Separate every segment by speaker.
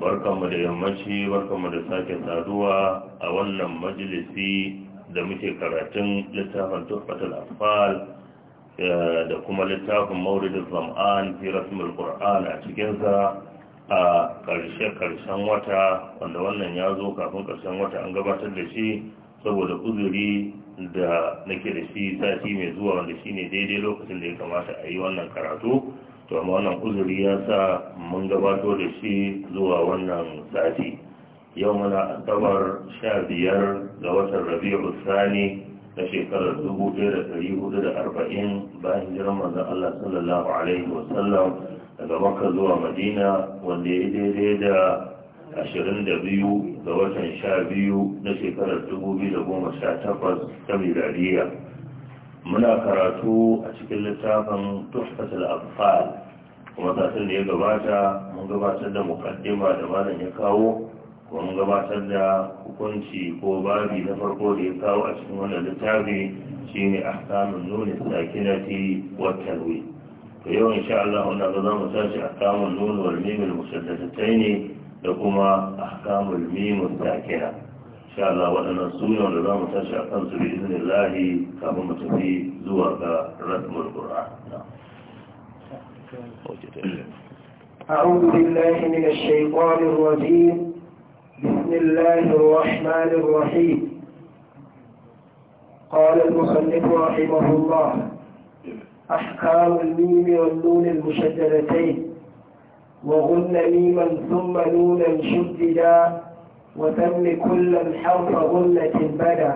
Speaker 1: barkanmu da yammaci barkanmu da sake saduwa a wannan majalisi da muke karatun littafin tuhfatul afal eh, da kuma littafin mauridin zam'an fi rasmul qur'an a cikinsa a karshe-karshen wata wanda wannan ya zo kafin karshen wata an gabatar da shi saboda uzuri da nake da shi sati mai zuwa wanda shi ne daidai lokacin da ya kamata a yi wannan karatu to amma wannan uzuri ya sa mun gabato da shi zuwa wannan sati yau muna asabar sha biyar ga watan rabi'u sani na shekarar dubu ɗaya da ɗari hudu da arba'in bayan jiran manzon allah sallallahu alaihi wasallam daga makka zuwa madina wanda ya daidai da ashirin da biyu ga watan sha biyu na shekarar dubu biyu da goma sha takwas ta miladiya muna karatu a cikin littafin tuhfatul afal kuma satin da ya gabata mun gabatar da mukaddima da malam ya kawo kuma mun gabatar da hukunci ko babi na farko da ya kawo a cikin wannan littafi shine ahkamun nuni sakinati wa tanwi to yau insha Allah wannan ga zamu tashi ahkamun nuni wal mim al musaddatayn da kuma ahkamul mim sakinah شاء الله وانا su ne wanda za mu باذن الله كما تفي زورك lahi القران
Speaker 2: أعوذ بالله من الشيطان الرجيم بسم الله الرحمن الرحيم قال المصنف رحمه الله أحكام الميم والنون المشددتين وغن ميما ثم نونا شددا وسم كل حرف غلة بدا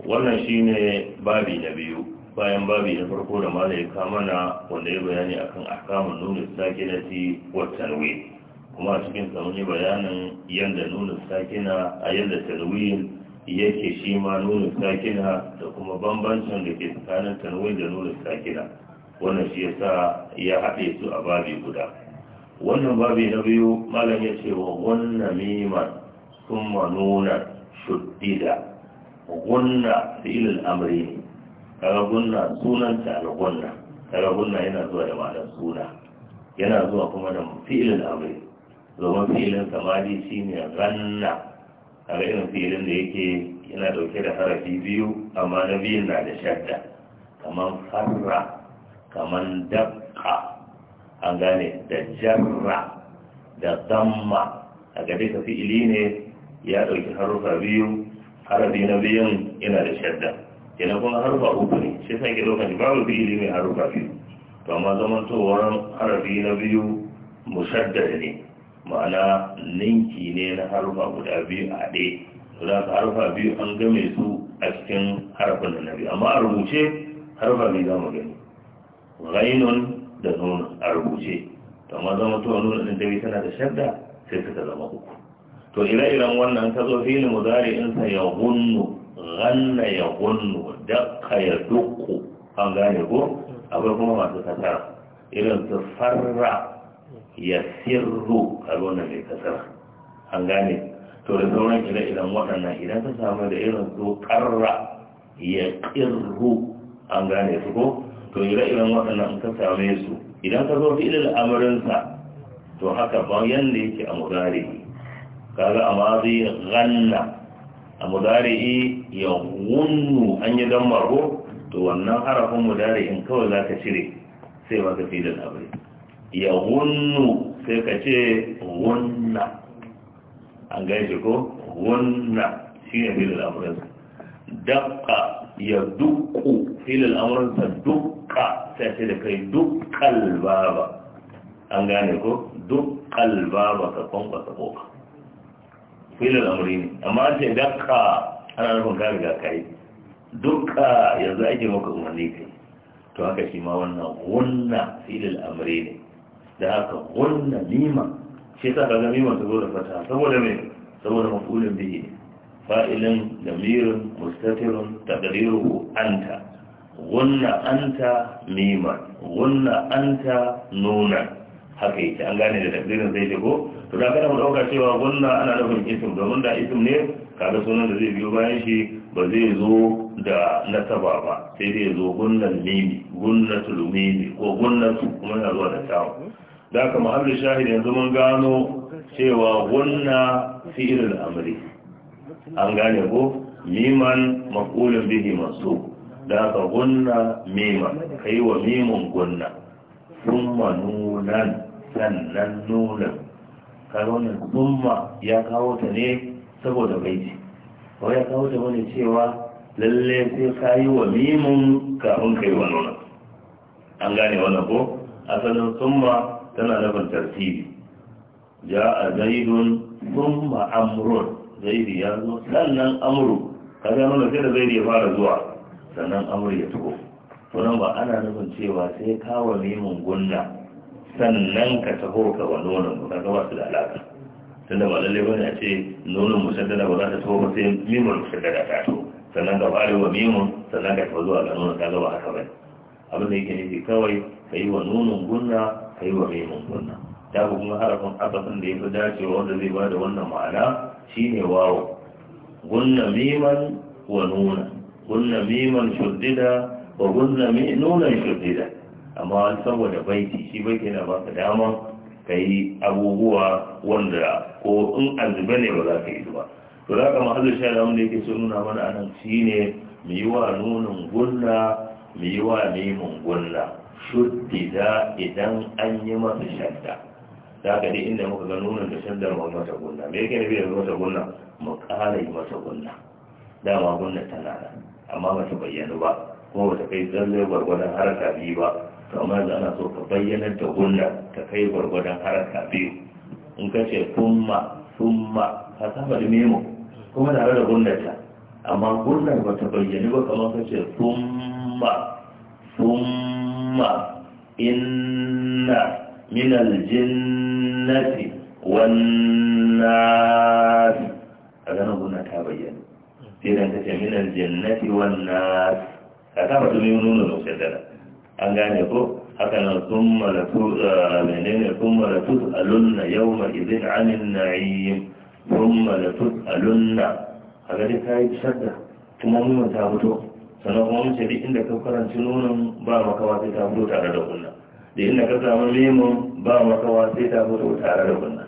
Speaker 1: wannan shine babi na biyu bayan babi na farko da ma zai kama na wanda ya bayani akan ahkamun nuna sakinati wa tanwin kuma a cikin sa bayanin yadda nuna sakina a yadda tanwin yake shi ma nuna sakina da kuma bambancin da ke tsakanin tanwin da nuna sakina wannan shi yasa ya haɗe su a babi guda wannan babi na biyu malam ya ce wa wannan mimar." ثم نون شدد غنى فعل الأمرين kaga gunna sunanta al-gunna kaga gunna yana zuwa da ma'anar suna yana zuwa kuma da fi'ilin amri domin filin samadi shine ranna kaga irin fi'ilin da yake yana dauke da harafi biyu amma na biyun na da shadda kaman farra kaman daqqa an gane da jarra da damma kaga duka fi'ili ne ya ɗauki harufa biyu harafi na biyun yana da shadda yana kuma harufa uku ne shi sa ke ɗaukan babu fili mai harufa biyu to amma zaman zamantowar harafi na biyu mushaddad ne ma'ana ninki ne na harufa guda biyu a ɗaya za ka harufa biyu an game su a cikin harafin da na biyu amma a rubuce harufa biyu za mu gani ghainun da nuna a rubuce to amma zaman zamantowar nuna ɗin da tana da shadda sai suka zama uku to ire-iren wannan ta zo fili mudari insa ya gunnu ganna ya gunnu dakka ya dukku an gane ko akwai kuma masu kasara irin su farra ya sirru a wannan mai kasara an gane to da sauran ire-iren waɗannan idan ka samu da irin su karra ya kirru an gane su ko to ire-iren waɗannan ka same su idan ka zo fi filin amarinsa to haka ba yanda yake a mudari kaga a mazi ganna a mudari'i ya wunnu an yi don ko, to wannan harafin mudari'in kawai za ka cire sai ba ka fi da labari ya wunnu sai ka ce wunna an shi ko wunna shi ne fi da labarinsa daƙa ya da filin amurinsa dukka sai ce da kai dukkan baba an gane ko dukkan baba ka kwankwasa koka filin amuri ne amma an ce dakka ana nufin ka riga ka yi dukka yanzu ake maka umarni kai to haka shi ma wannan gunna filin ne da haka wannan nima shi ta kaga nima ta zo da fata saboda mai saboda mafulin bihi ne fa'ilin lamirin mustatirun taqdiruhu anta gunna anta nima gunna anta nuna haka yake an gane da takdirin zai shigo to da kana mu dauka cewa gunna ana nufin isim domin da isim ne kaga sunan da zai biyo bayan shi ba zai zo da nasaba ba sai dai zo gunnan mimi gunnatul mimi ko gunnatu kuma yana zuwa da tawo da kuma muhammadu shahid yanzu mun gano cewa gunna fi'il amri an gane ko miman maqulun bihi masu da ka gunna miman kai wa mimun gunna thumma nunan sannan nunan karonin summa ya kawo ta ne saboda baiti ko ya kawo ta wani cewa lalle sai ka yi wa mimun kafin kai wa nuna an gane wannan ko asalin summa tana nufin tartibi ja a zaidun summa amrun zaidi ya zo sannan amru kaga nuna sai da zaidi ya fara zuwa sannan amru ya tuko to nan ba ana nufin cewa sai kawo mimun gunna sannan ka taho ka wa nonon ka ga wasu da alaka tunda ba lalle bane a ce nonon musaddada ba za ta taho ba sai mimun musaddada ta taho sannan ga fara wa mimun sannan ka taho zuwa ga nonon ka ga ba haka bane abin da yake ne kawai ka yi wa nonon gunna ka yi wa mimun gunna da kuma harafin akasin da ya fi dacewa wanda zai ba da wannan ma'ana shine wawo gunna miman wa nuna gunna miman shuddida wa gunna nunan shuddida amma saboda baiti shi baiti ba ka dama ka yi abubuwa wanda ko in azube ne ba za ka yi ba to za ka shi alamun da yake so nuna mana anan shi ne mu yi wa nunin gunna mu yi wa nemin gunna shuddida idan an yi masa shadda za ka dai inda muka ga nunin da shaddar ma mata gunna me yake nufi da mata gunna mu ƙara yi mata gunna dama gunna tana nan amma ba ta bayyana ba kuma ba ta kai tsalle gwargwadon harka biyu ba kama amma da ana so ka bayyanar da hunna ta kai gwargwadon haraka biyu in ka ce kuma kuma ka saba da memo kuma tare da ta amma hunnar ba ta bayyani ba kama ka ce kuma kuma inna min aljinnati wannan a ganin hunna ta bayyana sai dan ka ce min aljinnati wannan ka saba da memo nuna nusai da an gane ko haka nan sun malatu uh, menene sun malatu alunna yau ma izin anin yi sun malatu alunna a gari ta yi shadda kuma mun ta fito sannan kuma mun ce inda ka karanci nonon ba makawa sai ta fito tare da kunna da inda ka samu lemon ba makawa sai ta fito tare da kunna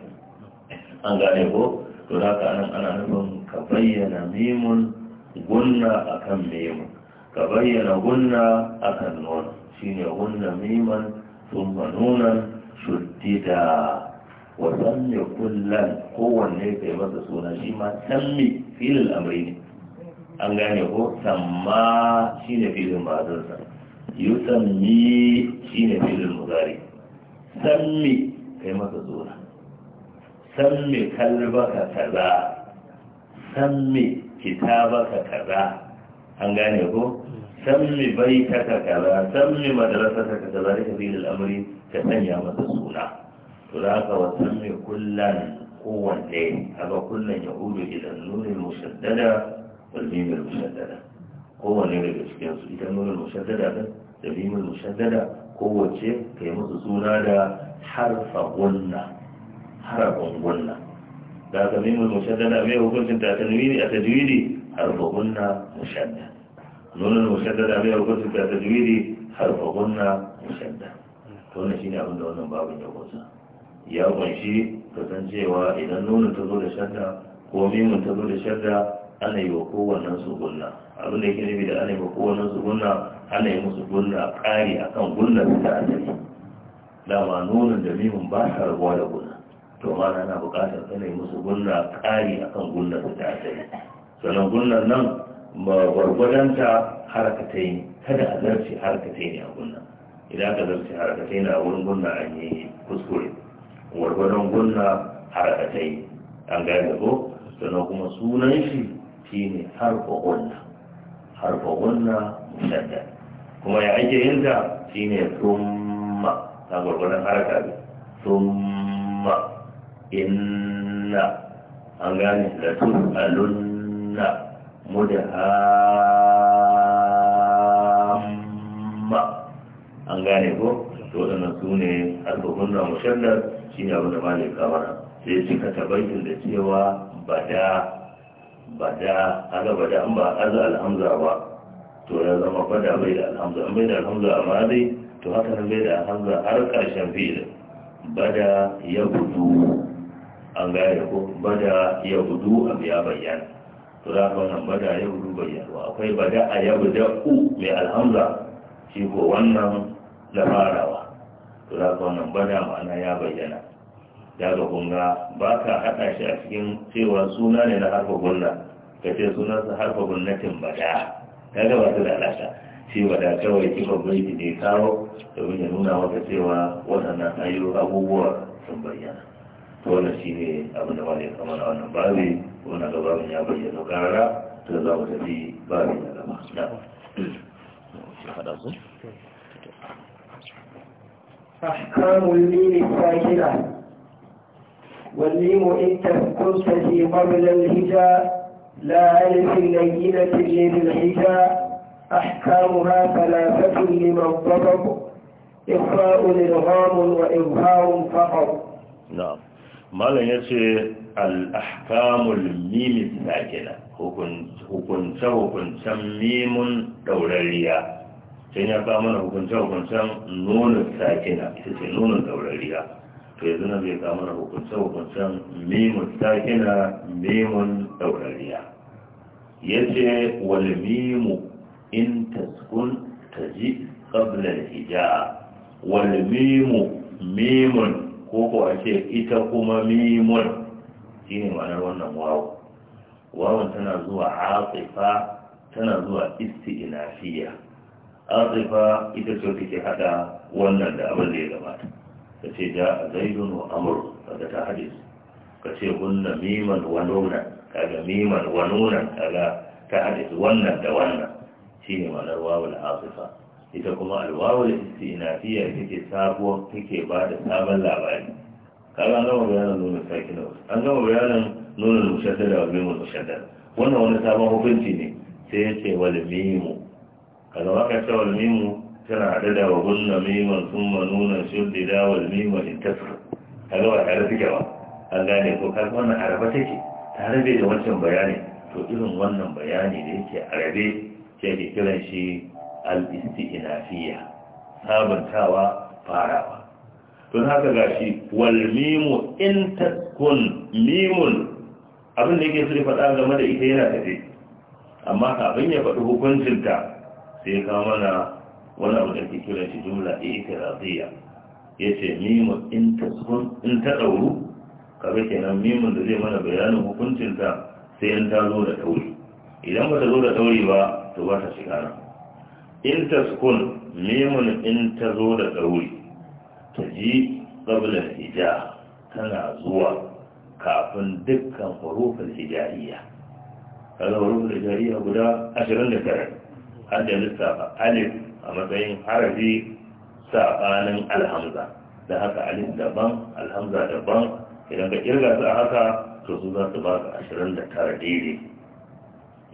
Speaker 1: an gane ko to da ka anan ana nufin ka bayyana memun gunna akan memun ka bayyana gunna akan nono shine hunna miman thumma nunan shuddida wa sammi kullum kowanne kai masa suna shi ma sammi filin amri ne an gane ko samma shine filin bazarsa yusammi shine filin muzari sammi kai masa suna sammi kalbaka kaza sammi kitabaka kaza an gane ko سمي بيتك كذا سمي مدرستك كذلك دين الأمر كسنيا مدرسونا ذاك وسمي كلا قوة هذا كلا يعود إلى النور المشددة والميم المشددة قوة نير بسكين إذا النور المشددة الميم المشددة قوة شيء كي مدرسونا دا حرف غنة حرف غنة ذاك الميم المشددة ما هو كنت تنويني أتجويني حرف غنة مشدد nunin mushaddada mai rubutu da tajwidi harfagunna mushadda to wannan shine abin da wannan babin ya kunsa ya kunshi kasancewa idan nuna ta zo da shadda ko mimun ta zo da shadda ana yi wa kowannen su gunna abin da yake nufi da ana yi wa kowannen su gunna ana yi musu gunna ƙari akan gunnar ta asali dama nunin da mimun ba sa rabuwa da gunna to ma na buƙatar ana yi musu gunna ƙari akan gunnar ta asali sannan gunnar nan gwargwadonta harakatai kada a zarce harakatai ne a gunna idan aka zarce harakatai na wurin gunna an yi kuskure gwargwadon gunna harakatai an gane ko sannan kuma sunan shi shi shine harfa gunna harfa gunna mushadda kuma ya ake yin ta shi ne summa ta gwargwadon haraka ne summa inna an gane da tusalunna mudhamma an gane ko to waɗannan su ne harkokin na mushallar shi ne abinda malin kamara sai cika tabaitin da cewa bada bada aga bada an ba aza alhamza ba to ya zama bada bai da alhamza an bai da alhamza a mazi to haka nan bai da alhamza har ƙarshen fi'ilin bada ya gudu an gane ko bada ya gudu abu ya bayyana to za ka wannan bada ya wuru bayyarwa akwai bada a ya da u mai alhamza shi ko wannan na farawa to za ka wannan bada ma'ana ya bayyana ya ga kunga ba ka haɗa shi a cikin cewa suna ne na harfa gunna ka ce su harfa gunnatin bada ya ga ba su shi bada kawai kifa baiti ne kawo domin ya nuna maka cewa waɗannan ayyuka abubuwa sun bayyana wannan shi ne abin da wani kamar a wannan babi wannan ga ya bayyana ta za mu tafi
Speaker 2: na gaba أحكام الميم الساكنة والميم إن كنت في قبل الهجاء لا ألف لينة لذي الحجاء أحكامها ثلاثة لمن ضبط إخفاء إلغام وإظهار فقط
Speaker 1: نعم malam ya ce al'ahkamul mimi sakina hukunce-hukuncen mimun daurariya sai ya kama mana hukunce-hukuncen nunin sakina ita ce nunin daurariya to yanzu na zai kama mana hukunce-hukuncen mimun sakina mimun daurariya ya ce wal mimu in taskun ta ji ƙablar hijaa wal mimu mimun ko ko a ce ita kuma mimun shine ma'anar wannan wawo wawon tana zuwa Asifa tana zuwa isti'nafiya Asifa ita ce take hada wannan da abin da ya gabata ta ce ja zaidun wa Amur daga ta hadis ka ce hunna miman wa nuna kaga miman wa nuna kaga ta hadis wannan da wannan shine ma'anar wawon Asifa. ita kuma alwawul istinafiya take sabuwar take ba da sabon labari kaga an gama bayanan nuna sakin an gama bayanan nuna mushaddada wani mimul mushaddada wannan wani sabon hukunci ne sai yake wal mimu kaga waka ce wal mimu tana hada da wa gunna miman ma nuna shuddida wal mimu in tasra kaga ba tare take ba an gane ko kaga wannan araba take tare da wancan bayani to irin wannan bayani da yake arabe ke kiran shi al-isti'nafiya sabantawa farawa don haka gashi wal mimu in takun mimun abin da yake so faɗa game da ita yana tafe amma kafin ya faɗi hukuncinta sai ka mana wani abu da ke kiran shi jumla itiradiyya yace mimu in takun in ta dauru kaga kenan mimun da zai mana bayanin hukuncinta sai in ta zo da tauri idan ba ta zo da tauri ba to ba ta shiga nan in taskun mimun in ta zo da ɗauri ta ji ƙablar hija tana zuwa kafin dukkan hurufin hijariya kaga hurufin hijariya guda 29 har da lissafa alif a matsayin harafi saɓanin alhamza da haka alif daban alhamza daban idan ka kirga su a haka to su za su ba ka 29 daidai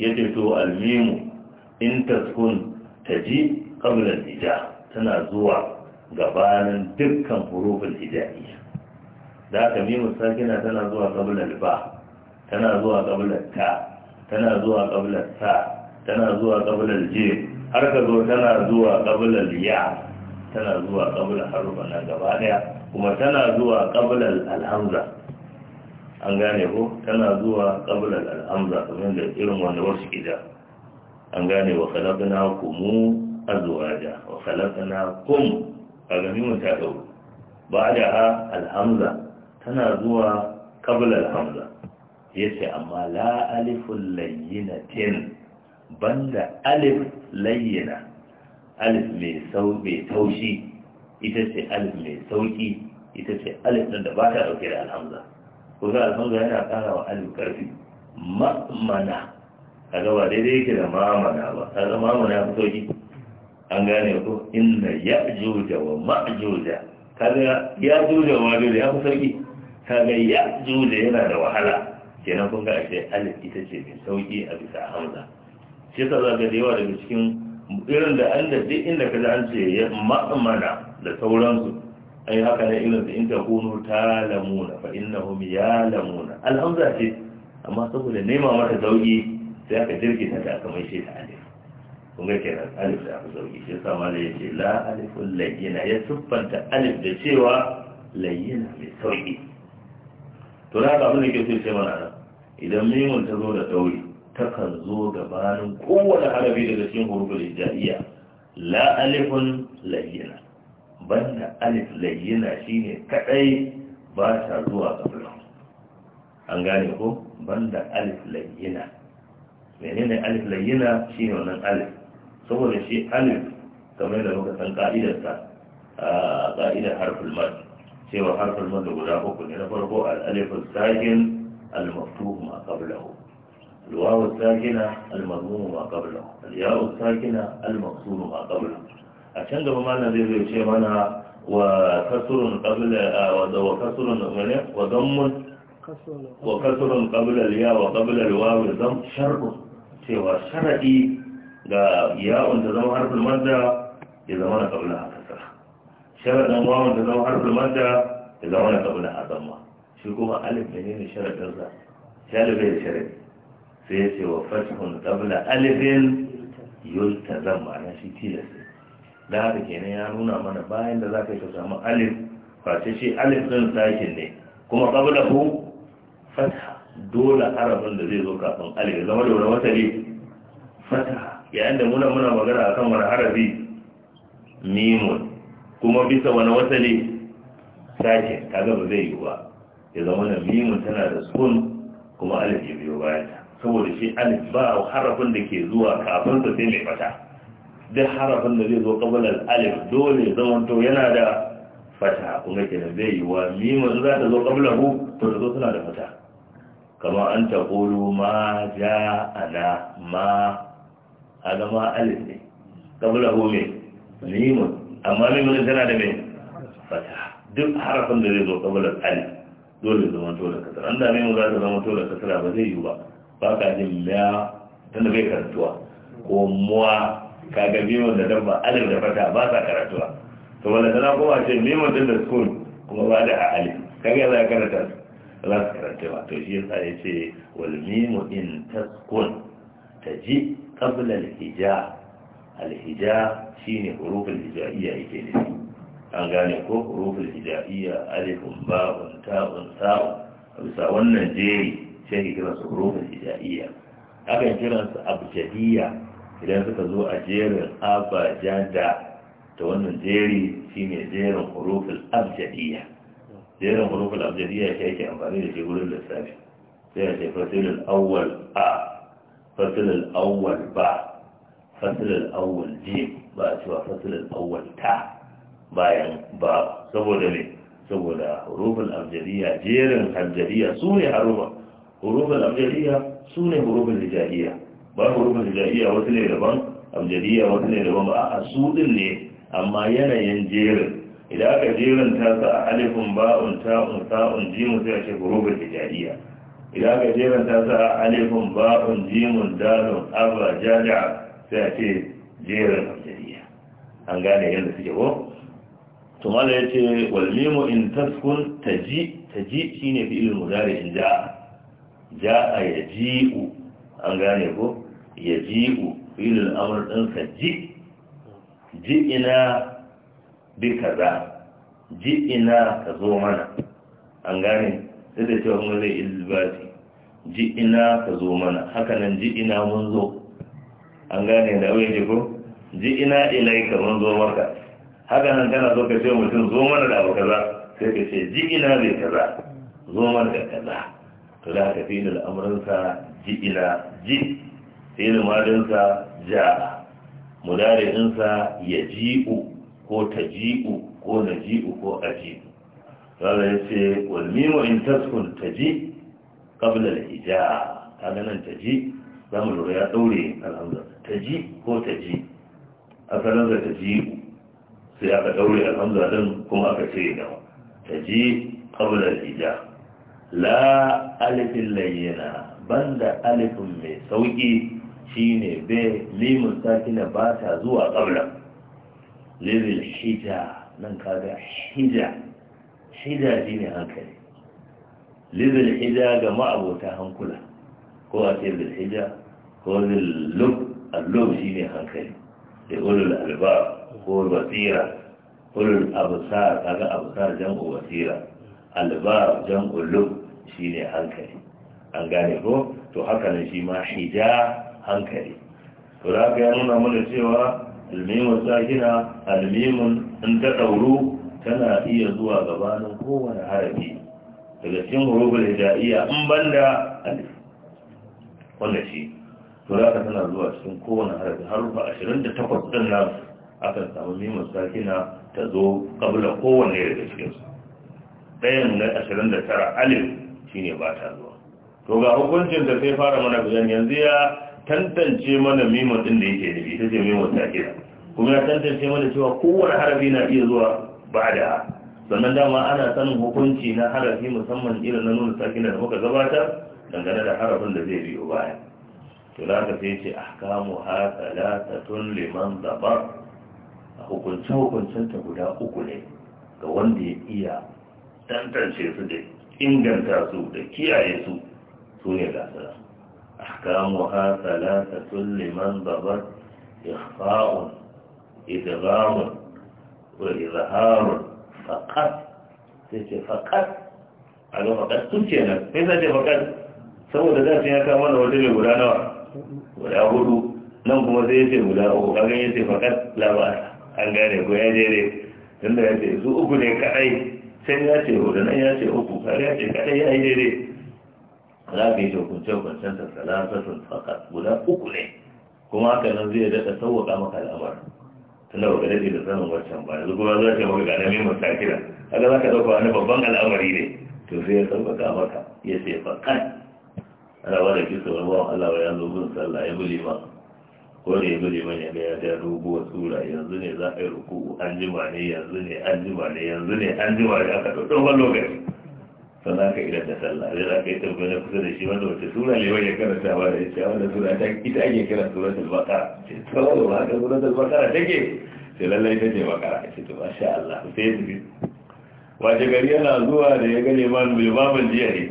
Speaker 1: ya ce to almimu in taskun ta ji ƙamulan hija tana zuwa gabanin dukkan hurufin hijaiya da aka mimu sakina tana zuwa ƙamulan ba tana zuwa ƙamulan ta tana zuwa ƙamulan sa tana zuwa ƙamulan je har ka zo tana zuwa ƙamulan ya tana zuwa ƙamulan harufa na gaba daya kuma tana zuwa ƙamulan alhamza an gane ko tana zuwa ƙamulan alhamza kamar da irin wanda wasu gida. an gane wa khalaqna kumu azwaja wa khalaqna kum kaga mimun ta dau ba'da alhamza tana zuwa qabla alhamza yace amma la aliful layyinatin banda alif layyina alif mai sauƙi taushi ita ce alif mai sauki ita ce alif ɗin da ba ta dauke da alhamza ko za alhamza yana ƙara wa alif ƙarfi mamana. kaga ba daidai yake da mamana ba kaga mamana ya fi sauki an gane ko inna ya juja wa ma juja kaga ya juja wa juja ya fi sauki kaga ya juja yana da wahala kenan kun ga ashe alif ita ce mai sauki a bisa hamza shi yasa za ka da yawa daga cikin irin da an da duk inda ka an ce ya ma'amana da sauransu ai haka ne irin da in ta kunu ta lamuna fa innahum ya lamuna alhamza ce amma saboda nema mata sauki sai aka jirgin da aka mai shi ta alif kuma ke nan alif da aka sauki shi sama da ya ce la alifun layyina ya siffanta alif da cewa layyina mai sauki to na abin da ke so ce mana nan idan mimun ta zo da ɗauri takan zo gabanin kowane harabi daga cikin da jariya, la alifun layyina banda alif layyina shine kadai ba ta zuwa kafin an gane ko banda alif layyina menene alif layyina shine wannan alif saboda shi alif kamar da muka san ka'idarsa a ka'idar harful mad cewa harful mad guda uku ne na farko al-alif sakin al-maftuh ma qablahu الواو الساكنة المضموم ما قبله الياء الساكنة المقصور ما قبله عشان ده بمعنى ذي ذي شيء معنى وكسر قبل وكسر وضم وكسر قبل الياء وقبل الواو ضم شرط cewa sharadi ga yawon ta zama harfin madda ya zama na ƙabila a ƙasar sharaɗin wawon ta zama harfin madda ya zama na ƙabila a zama shi kuma alif ne menene sharadin sa shalibai da sharadi sai ce wa fatihun ƙabila alifin yulta zan na shi tilas da haka kenan ya nuna mana bayan da za ka yi ka samu alif face shi alif ɗin sakin ne kuma ƙabila ku fasha. dole harafin da zai zo kafin alif zama da wani wata ne fata yayin da muna muna magana akan wani harafi mimun kuma bisa wani wata ne sake kaga ba zai yi ba ya zama na mimun tana da sukun kuma alif ya biyo bayan saboda shi alif ba harafin da ke zuwa kafin sa sai mai fata duk harafin da zai zo kabilar alif dole zamanto yana da fata kuma kenan zai yi wa mimun za ta zo kabilar hu to da zo suna da fata kamar an ta ƙoro ma ja ana ma alama alif ne kabila home mimun amma mimun tana da mai fata duk harafin da zai zo kabila alif dole zama to da kasar an da mimun za ta zama to da kasar ba zai yi ba ba ka jin miya tana bai karatuwa ko muwa ka ga mimun da dabba alif da fata ba sa karatuwa to wanda tana kowa ce mimun din da sukun kuma ba da alif kaga za ka karanta su za karanta to shi yasa ya ce walmimu in taskun ta ji kabla alhija alhija ne hurufin hijaiya yake nufi an gane ko hurufin hijaiya alifun ba'un ta'un sa'un a bisa wannan jeri shi kiran su hurufin hijaiya akan kiran su abjadiya idan suka zo a jerin abajada ta wannan jeri shi ne jerin hurufin abjadiya jerin hurufin abjadiya shi ke amfani da shi wurin lissafi sai a ce fasilin awal a fasilin awal ba fasilin awwal ji ba a cewa fasilin awwal ta bayan ba saboda ne saboda hurufin abjadiya jerin abjadiya su ne harufa hurufin abjadiya su ne hurufin lijahiyya ba hurufin lijahiyya wasu ne daban abjadiya wasu ne daban ba a su din ne amma yanayin jerin idan aka ta su a alifin ba'un ta'un sa'un jimun sai a ce hurufin hijaiya idan aka ta su a alifin ba'un jimun dalun abba jaja sai a ce jerin hijaiya an gane yadda suke ko tumala ya ce walmimu in taskun shi ne shine fi'il mudari in a ji yaji'u an gane ko ya fi'il fi amr din sa ji ji ina bi kaza ji ina ka zo mana an gane sai da cewa mun zai ilbati ji ina ka zo mana hakanan ji ina mun zo an gane da wai ko ji ina ka mun zo maka hakanan kana so ka ce mutum zo mana da abu kaza sai ka ce ji ina bai kaza zo mana da kaza to da ka fi da al'amuransa ji ila ji sai da madansa ja mudari'insa ya ji'u ko taji'u ko naji'u ko aji'u kaga yace wal mimu in taskun taji qabla al ija kaga nan taji zamu lura ya daure alhamza taji ko taji asalin da taji sai aka daure alhamza din kuma aka ce da taji qabla al ija la alifin layyana banda alifin mai sauki shine be limun sakina ba ta zuwa qabla lizil hija nan kaga hija hija shi ne hankali lizil hija ga ma'abota hankula ko a ce zil hija ko zil lub shi ne hankali da ulul alba ko basira ulul abusar kaga abusar jam'u basira alba jam'u lub shi ne hankali an gane ko to hakanan shi ma hija hankali to za ka ya nuna mana cewa almimun sakina almimun in ta ɗauru tana iya zuwa gabanin kowane harafi daga cikin hurufin hijaiya in banda alif wanda shi to za ka tana zuwa cikin kowane harafi harufa ashirin da takwas ɗin nan akan samu mimun sakina ta zo kabla kowane daga cikinsu ɗayan na ashirin da tara alif shine ba ta zuwa to ga hukuncin da sai fara mana bayani yanzu ya tantance mana mimo din da yake da ita ce ta kira kuma ya tantance mana cewa kowane harafi na iya zuwa ba da sannan dama ana sanin hukunci na harafi musamman irin na nuna sakina da muka gabatar dangane da harafin da zai biyo baya to da aka sai ce ahkamu ha talatatun liman dabar hukunce hukuncin ta guda uku ne ga wanda ya iya tantance su da inganta su da kiyaye su su ne gasara أحكامها ثلاثة لمن ضبط إخفاء إدغام وإظهار فقط تجي فقط على فقط تجينا ماذا تجي فقط سوى ذات يا كمان وجه ولا نوع ولا هدو nan kuma sai yace guda uku kaga yace fakat labara an gane ko ya jere tunda yace su uku ne kadai sai ya ce hudu nan ya ce uku kaga ya ce kadai ya yi daidai za ka yi hukunce hukuncen sa salatatun fakat guda uku ne kuma haka nan zai daɗa sauwaka maka al'amar tun da wakilai da sanin wancan ba yanzu kuma za ka maka gane mai masakira haka za ka ɗauka wani babban al'amari ne to sai ya sauƙaƙa maka ya ce fakat ana ba da kisa wani bawan Allah ya zo bin sallah ya buli ma ko da ya buli ma ya ga ya ja wa tsura yanzu ne za a yi ruku an jima ne yanzu ne an jima ne yanzu ne an jima ne aka ɗauɗɗaukan lokaci to za ka idan da sallah zai za ka yi tambaya kusa da shi wanda wace sura ne wani karanta ba da ita wanda sura ta ita ake kira sura talbakara ce tsawon ba haka sura talbakara take sai lallai ta ce bakara ce to masha Allah sai ya tafi wace gari yana zuwa da ya gane man bilmamin jiya ne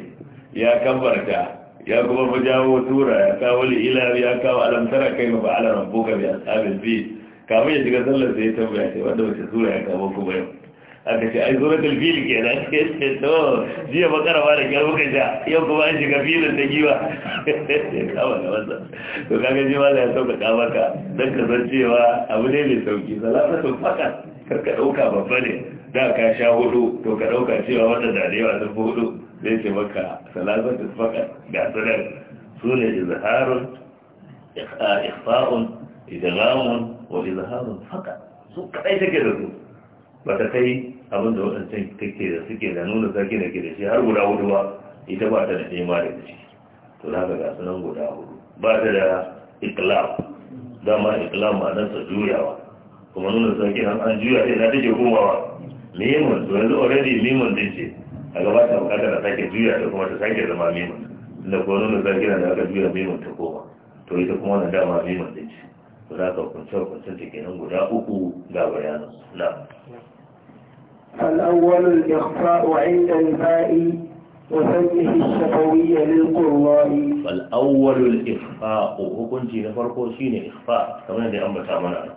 Speaker 1: ya kambarta ya kuma fi jawo tura ya kawo li'ila ya kawo alamtara kai ba ala rambuka bi ashabil fi kafin ya shiga sallar sai ya tambaya ce wanda wace sura ya kawo kuma yau aka ce ai zuwa da fili ke da ake ce to jiya makarawa da kyar muka sha yau kuma an shiga filin da giwa to kaga ji ma da ya ka maka don ka san cewa abu ne mai sauki salamatun faka kar ka ɗauka babba ne da ka sha hudu to ka ɗauka cewa wannan da da yawa sun fi hudu zai ce maka salamatun faka ga sanar su ne izharun ikfa'un idghamun wa izaharun faka su kadai take da su ba ta kai abin da waɗancan take da suke da nuna sarki da ke da shi har guda hudu ba ita ba ta da nema da shi to za ka ga sunan guda hudu ba ta da iklam dama iklam ta juyawa kuma nuna sarki an an juya sai na ke komawa mimun to yanzu already mimun din ce a gaba ta bukata da sake juya da kuma ta sake zama mimun da kuma nuna sarki da aka juya mimun ta koma to ita kuma wannan dama mimun din ce to za ka kunce kuncen ta kenan guda uku ga bayanan na
Speaker 2: الأول الإخفاء عند الباء وسمه الشفوية للقراء
Speaker 1: فالأول الإخفاء وكنت نفرقه شين إخفاء كما دي أمبا تعمل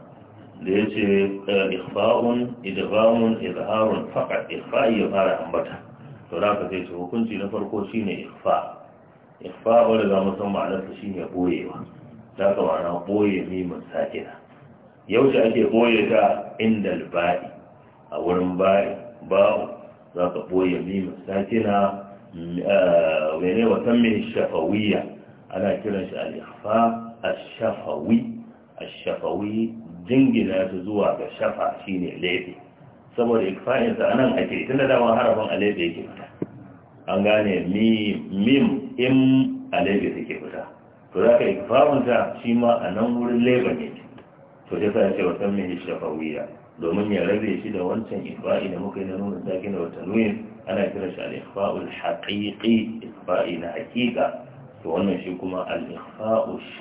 Speaker 1: da ya ce ikfa'un idghamun izharun faqat ikfa'i ya fara ambata to da ka sai hukunci na farko shine ikfa ikfa wanda za mu san ma'anar sa shine boyewa da ka boye mimin sakina ake boye ta inda a wurin bawo za ka ɓoye mima sakina wene watan mai shafawiya ana kiran shi al'ifa a shafawi a shafawi jingina su zuwa ga shafa shine lebe saboda ikfa'insa a nan ake tun da dama harafin alaifi yake fita an gane mim im alaifi suke fita to za ka ikfa'unta shi ma a nan wurin laifin ne to ya sa ce watan mai shafawiya domin ya rabe shi da wancan ifa'i da muka yi na nuna sakin da wata nuyin ana kira shi al-ikhfa'ul haqiqi ifa'i na hakika to wannan shi kuma al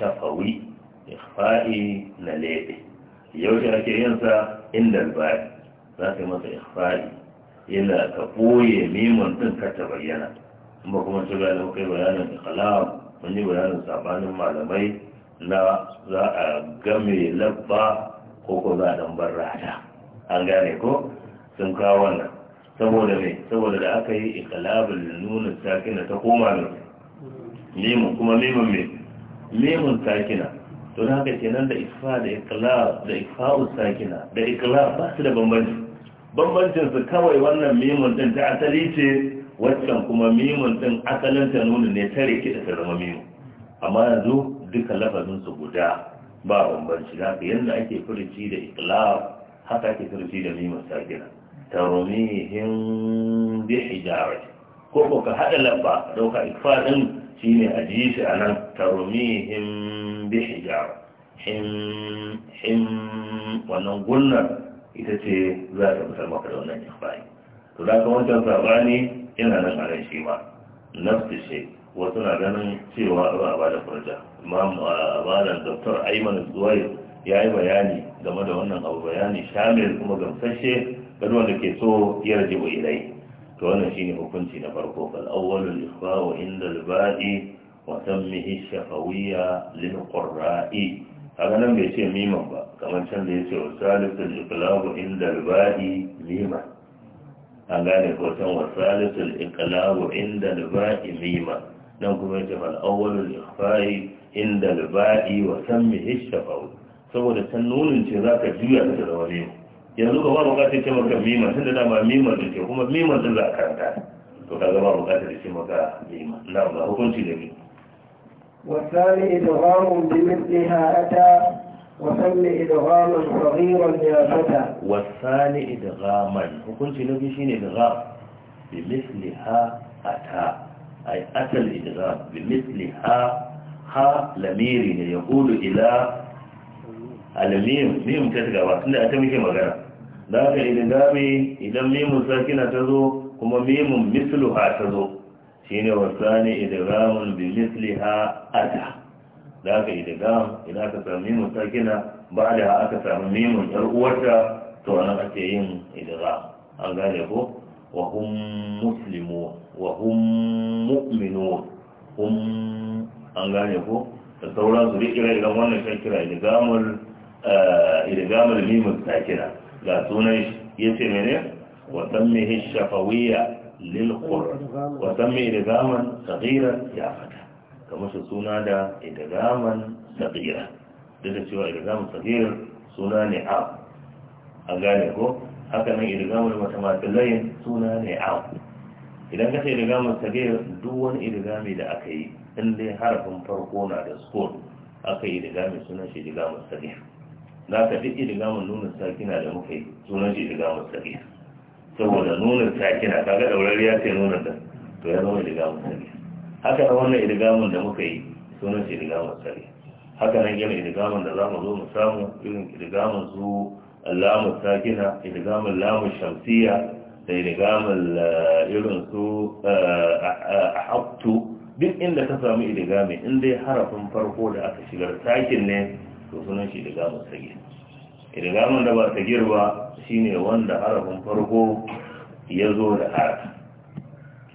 Speaker 1: shafawi ifa'i na lebe yau shi ake yin sa inda al za ka masa ifa'i yana ka boye neman din ka ta bayyana kuma kuma shi bayanin kai bayanin ikhlaq mun yi bayanin sabanin malamai na za a game labba ko ko za a dan rada an gane ko sun kawo wannan saboda mai saboda da aka yi ikalabin nuna sakina ta koma mai mimun kuma mimun mai mimun sakina to na haka kenan da ifa da ikalab da ikfa'u sakina da ikalab ba su da bambanci bambancin su kawai wannan mimun din ta asali ce waccan kuma mimun din asalin ta nuna ne rike da ta zama mimun amma yanzu duka lafazin su guda ba bambanci da haka yanda ake furuci da ikalab haka ake kirci da mimin sakina tarmihim bi hijara ko ko ka hada labba dauka ikfa din shine a ji shi anan tarmihim bi hijara him him wannan gunnar ita ce za ta fitar maka da wannan ikfai to da kuma wancan sabani yana nan a ran shi ma nafsi shi wasu na ganin cewa ba ba da furja ba ah, malam dr ayman zuwair ya yi bayani game da wannan abu bayani shamil kuma gamsashe don wanda ke so ya rajibu ilai to wannan shine hukunci na farko fal awwalul ikhwa inda al-ba'i wa tammihi shafawiyya lil qurra'i kaga nan bai ce miman ba kamar can da yace wasalatul iqlabu inda al-ba'i miman an gane ko can wasalatul iqlabu inda al-ba'i miman nan kuma yace fal awwalul ikhfa'i inda al-ba'i wa tammihi shafawiyya saboda can nunin ce za ka juya ta da wani yanzu ba bukatar ce maka mima tun da dama mimar da ke kuma mimar sun za a karanta to ka gaba bukatar ce maka mima na ba hukunci da mima
Speaker 2: والثاني إدغام بمثلها أتى وسم إدغاما صغيرا يا
Speaker 1: فتى ne إدغاما وكنت نبي شين إدغام بمثلها أتى أي ha, ha lamiri ها ya يقول ila. alaliyim liyim ta shiga ba tunda ta muke magana da haka idgami idan limun sakina ta zo kuma mimun ha ta zo shine wasani idgamun bi misliha ata da ka idgam idan aka samu mimun sakina ba da ha aka samu mimun yar uwarta to nan ake yin idgam an gane ko wa hum muslimu wa hum mu'minu hum an gane ko da sauran su duk ire wannan shan kira idgamul Eh, idgamar mimun sakina ga sunan ya ce mene wa sammihi shafawiyya lil watan wa sammi idgaman ya fata kamar su suna da idgaman saghira duk da cewa idgaman saghir suna ne a a gane ko haka nan idgaman matamatilayin suna ne a idan ka ce idgaman saghir duk wani idgami da aka yi in dai harafin farko na da sukun aka yi idgami sunan shi idgaman saghir za ka duk idigamun nunin sakina da muka yi sunan shi idigamun sakina saboda nunin sakina kaga daurar ya ce nunin da to ya zama idigamun sakina haka na wannan idigamun da muka yi sunan shi idigamun sakina haka nan gina idigamun da za mu zo mu samu irin idigamun su lamun sakina idigamun lamun shamsiya da idigamun eh, irin su eh, a duk inda ka samu idigami in dai harafin farko da aka shigar sakin ne to sunan shi da gamun sagir irgamin da ba tsagir ba shine wanda harafin farko ya zo da harafi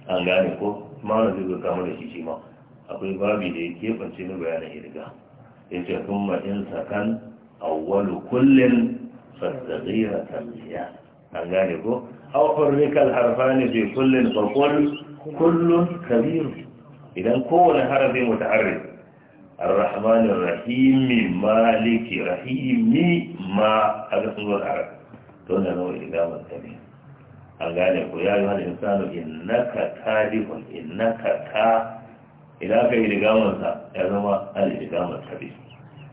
Speaker 1: an gane ko mana zai zuka kama da shi shi ma akwai babi da ya kebance na bayanin irga ya ce sun ma'in sakan awwalu kullum fasagira tamliya an gane ko aw harfa ne bai kullin fa kullun Kabiru idan kowane harafi mutaharrik الرحمن الرحيم مالك رحيم ما هذا سورة العرب تقول أنه إقامة تبين أقال يا أيها الإنسان إنك كاذب إنك كا إذا كان إقامة يزمى الإقامة تبين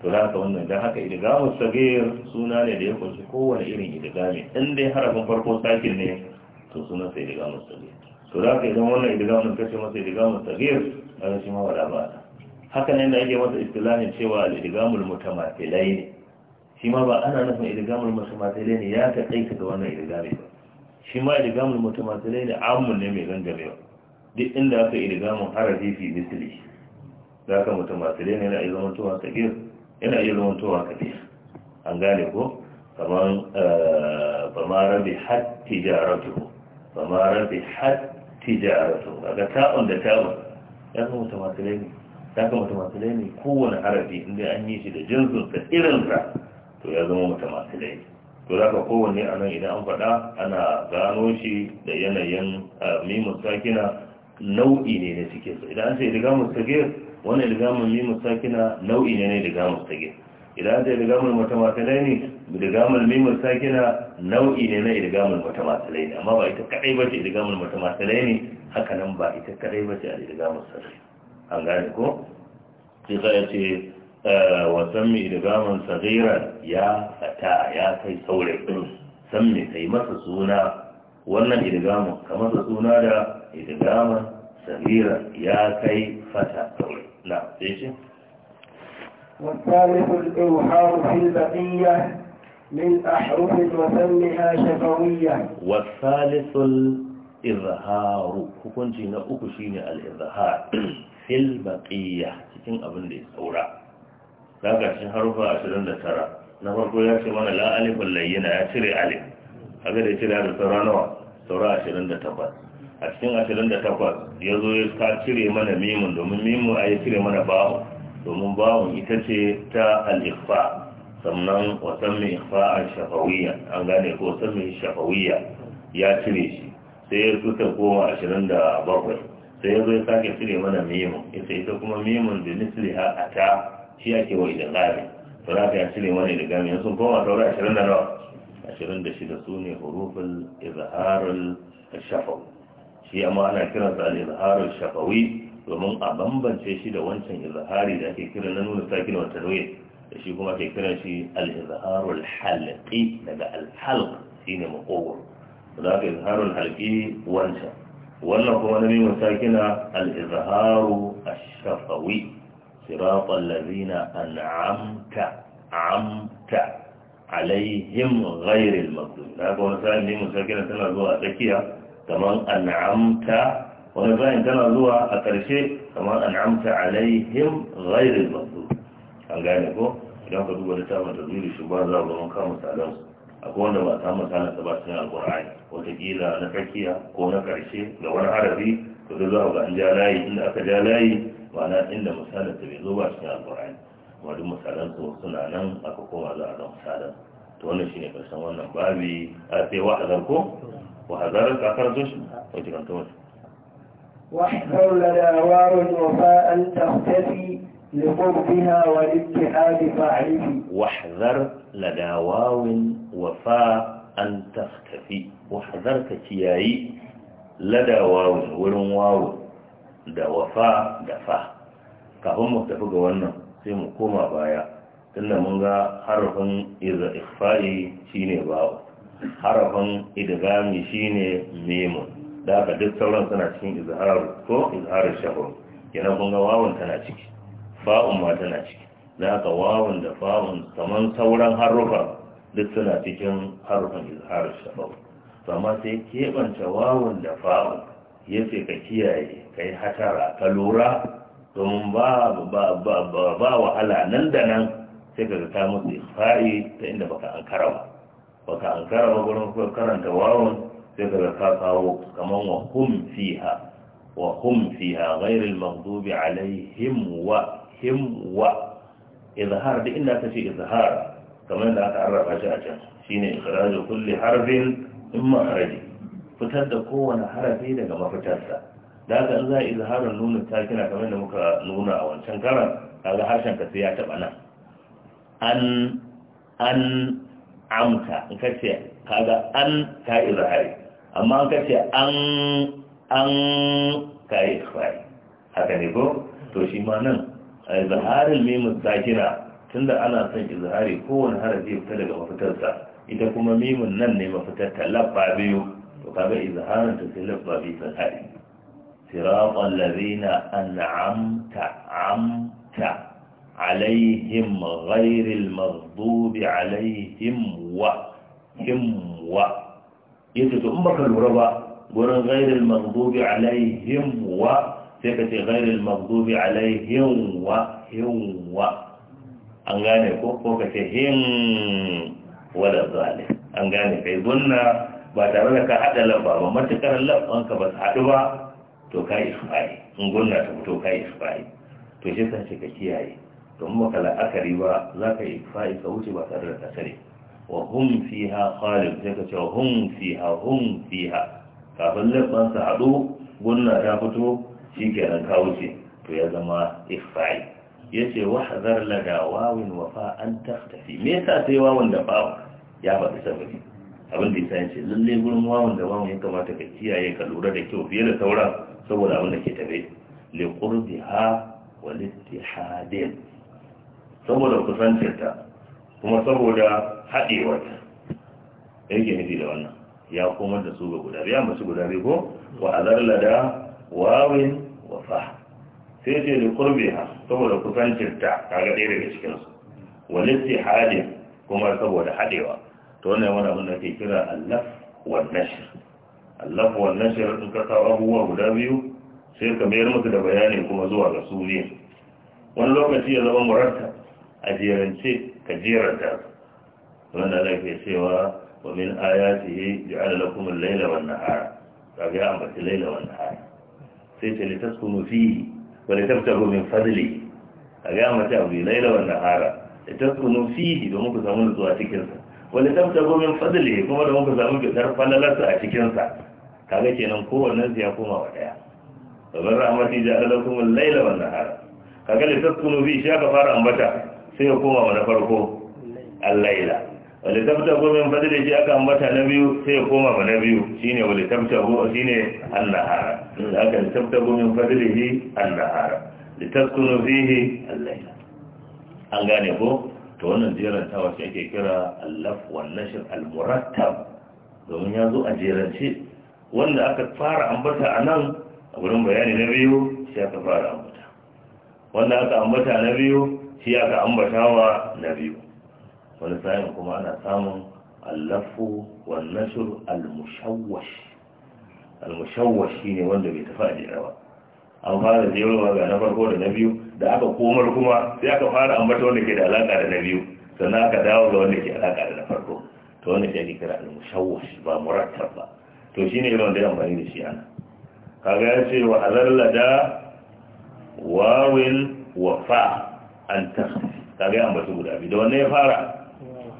Speaker 1: to da haka wannan da haka idgamu sagir suna ne da ya kunshi kowane irin idgami in dai harafin farko sakin ne to sunan sai idgamu sagir to da haka idan wannan idgamu kace masa idgamu sagir kaga shi mawa wada haka ne da ake masa istilahin cewa al-idgamul mutamathilai ne shi ma ba ana nufin idgamul mutamathilai ne ya ta kaita ga wannan idgami ba shi ma idgamul mutamathilai ne amun ne mai gangamewa duk inda aka idgamun harafi fi misli zaka mutamathilai ne yana iya zama tuwa kabir yana iya zama tuwa kabir an gane ko kamar bamaran eh, bi har tijaratu famarar bi har tijaratu daga ta'un da ta'un ya zama mutamathilai ne ta ka mutamatsilai ne kowane harafi inda an yi shi da jinsinsa irinsa to ya zama mutamatsilai to za ka kowanne a nan idan an faɗa ana gano shi da yanayin mimun sakina nau'i ne na cikin su idan an ce ligamus tagir wannan ligamun mimun sakina nau'i ne na ligamus tagir idan an ce ligamun mutamatsilai ne ligamun mimun sakina nau'i ne na ligamun mutamatsilai ne amma ba ita kaɗai ba ce ligamun mutamatsilai ne hakanan ba ita kaɗai ba ce a ligamun sakina an gane ko sai ya ce wasanmi idgaman sagira ya fata ya kai saurayi san me kai masa suna wannan idgaman ka masa suna da idgaman sagira ya kai fata saurayi na sai ce
Speaker 2: والثالث الإوحار في البقية من أحرف وسمها شفوية
Speaker 1: والثالث الإظهار كنت نأكشين الإظهار fil baqiya cikin abin da ya saura daga cikin harufa 29 na farko ya ce mana la alifun layyina ya cire alif kaga da cire da saura nawa saura 28 a cikin 28 ya zo ya ka cire mana mimun domin mimun a ya cire mana ba'u domin ba'un ita ce ta al-ikhfa sannan wasan mai fa'an shafawiyya an gane ko wasan mai shafawiyya ya cire shi sai ya suka goma ashirin da bakwai sai yanzu ya sake cire mana ya sai ita kuma mimun da misliha a ta shi ake wa idan gami to za ka ya cire mana idan gami sun koma saura ashirin da nawa ashirin da shida su ne hurufin izharul shafawi shi amma ana kiransa al-izharul shafawi domin a bambance shi da wancan izhari da ake kiran na nuna sakin wata nauyi da shi kuma ke kiran shi al-izharul halqi daga al-halq shine makogwaro da aka izharul halqi wancan wannan kuma na mimun sakina al-izharu ash-shafawi siratal ladina an'amta amta alaihim ghairil maghdubi kaga wani sa'in mimun sakina tana zuwa a tsakiya kamar an'amta wani sa'in tana zuwa a karshe kamar an'amta alaihim ghairil maghdubi an gane ko idan ka duba littafin tazuri shi ba za a zama kama salansu akwai wanda ba samun sanar ta ba cikin alkur'ani watakila na tsakiya ko na ƙarshe ga wani harafi to da za ga an ja layi inda aka ja layi ma'ana inda misalin ta bai zo ba cikin alkur'ani kuma duk misalan su suna nan aka koma za a ga misalan to wannan shine karshen wannan babi a sai wa'azar ko wa'azar ka karzo shi ko kan to
Speaker 2: واحذر لنا وارد وفاء تختفي لقربها والاتحاد فاعله
Speaker 1: واحذر لدى واو وفاء أن تختفي واحذر كتياي لدى واو ورن واو دا وفاء دفا kafin mu tafi ga wannan sai mu koma baya tunda munga ga harafin iza ikhfa'i shine bawo harafin idgami shine memo da haka duk sauran suna cikin izharar ko izharar shahur kenan kun ga wawan tana ciki fa'un ma tana ciki da haka wawun da fa'un kamar sauran harufa duk suna cikin harufan izhar shabab amma sai keɓanta wawun da fa'un ya ce ka kiyaye ka yi hatara ka lura domin ba wahala nan da nan sai ka ta musu fa’i ta inda baka an ba baka an karawa gurin karanta wawun sai ka ka kawo kamar wa hum fiha wa hum fiha ghairil maghdubi alaihim wa him wa izhar da inda aka ce izhar kamar da aka arraba shi a can shine ikhraju kulli harfin imma haraji fitar da kowane harafi daga mafitarsa da haka za a izharar nuna takina kamar da muka nuna a wancan karan kaga harshen ka sai ya taba nan an an amta in ka ce kaga an ka izhari amma an kace an an ka izhari haka ne ko to shi ma nan a izharin mimun sakina tunda ana son izhari kowane harafi fita daga mafitarsa ita kuma mimun nan ne mafitar ta labba biyu to kaga izharin ta sai labba biyu sun haɗe siratan lazina an'amta amta alaihim ghairil maghdubi alaihim wa him wa yace to in baka lura ba gurin ghairil maghdubi alaihim wa sai ka ce ghairil maghdubi alaihim wa him wa an gane ko ko ka ce him wala zalim an gane kai gunna ba tare da ka hada lamba ba matukar lamban ka ba su hadu ba to ka yi sufai in gunna ta fito ka yi sufai to shi san ce ka kiyaye don baka la'akari ba za ka yi fa'i ka wuce ba tare da kasare wa hum fiha khalid sai ka ce hum fiha hum fiha kafin labban su haɗu gunna ta fito shi kenan ka wuce to ya zama ifai ya ce wa hazar laga wawin wafa an tafi me ta sai wawan da bawa ya faɗi sabari abin da isa ya ce lalle gurin wawan da wawan ya kamata ka kiyaye ka lura da kyau fiye da sauran saboda abin da ke tafe li ha wa littihadin saboda kusancinta kuma saboda haɗewarta yi nufi da wannan ya komar da su ga guda biya masu guda biyu ko wa azar lada wawin wa fa sai ce da qurbiha saboda kusancin ta kaga ɗaya daga cikin su wal istihali kuma saboda haɗewa to wannan wani abin da ke kira allaf wal nashr allaf wal nashr in ka abubuwa guda biyu sai ka mayar musu da bayani kuma zuwa ga su ne wani lokaci ya zama muratta a jerance ka jeranta wanda Allah ke cewa wa min ayatihi ja'ala lakum al-laila wan nahara kaga ya ambaci laila wan nahara sai ce litaskunu fihi wani tafta min fadli a ga abu laila wa nahara litaskunu fihi domin ku samu nutsuwa cikin cikinsa wani tafta min fadli kuma domin ku samu fitar falalarsa a cikinsa kaga kenan kowannen ya koma wa daya domin rahmati ala kuma laila wa nahara kaga litaskunu fihi shi aka fara ambata sai ya koma wa na farko al-laila wani tabta ko min fadli shi aka ambata na biyu sai ya koma ba na biyu shine wani tabta ko shine annahara da aka tabta ko min fadli shi annahara da taskunu fihi al an gane ko to wannan jerantawa shi ake kira allaf laf wal nashr al-murattab domin ya zo a jerance wanda aka fara ambata a nan a wurin bayani na biyu shi aka fara ambata wanda aka ambata na biyu shi aka ambatawa na biyu wani sayan kuma ana samun allafu wa nashur al-mushawwash shine wanda bai tafi a jira ba an fara jerowa ga na farko da na biyu da aka komar kuma sai aka fara ambata wanda ke da alaka da na biyu sannan aka dawo ga wanda ke alaka da na farko to wanda ke ake kira al-mushawwash ba murattab ba to shine irin wanda ya amfani da shi ana kaga ya ce wa azalla da wawil wafa an tafi kaga ya ambata guda biyu da wannan ya fara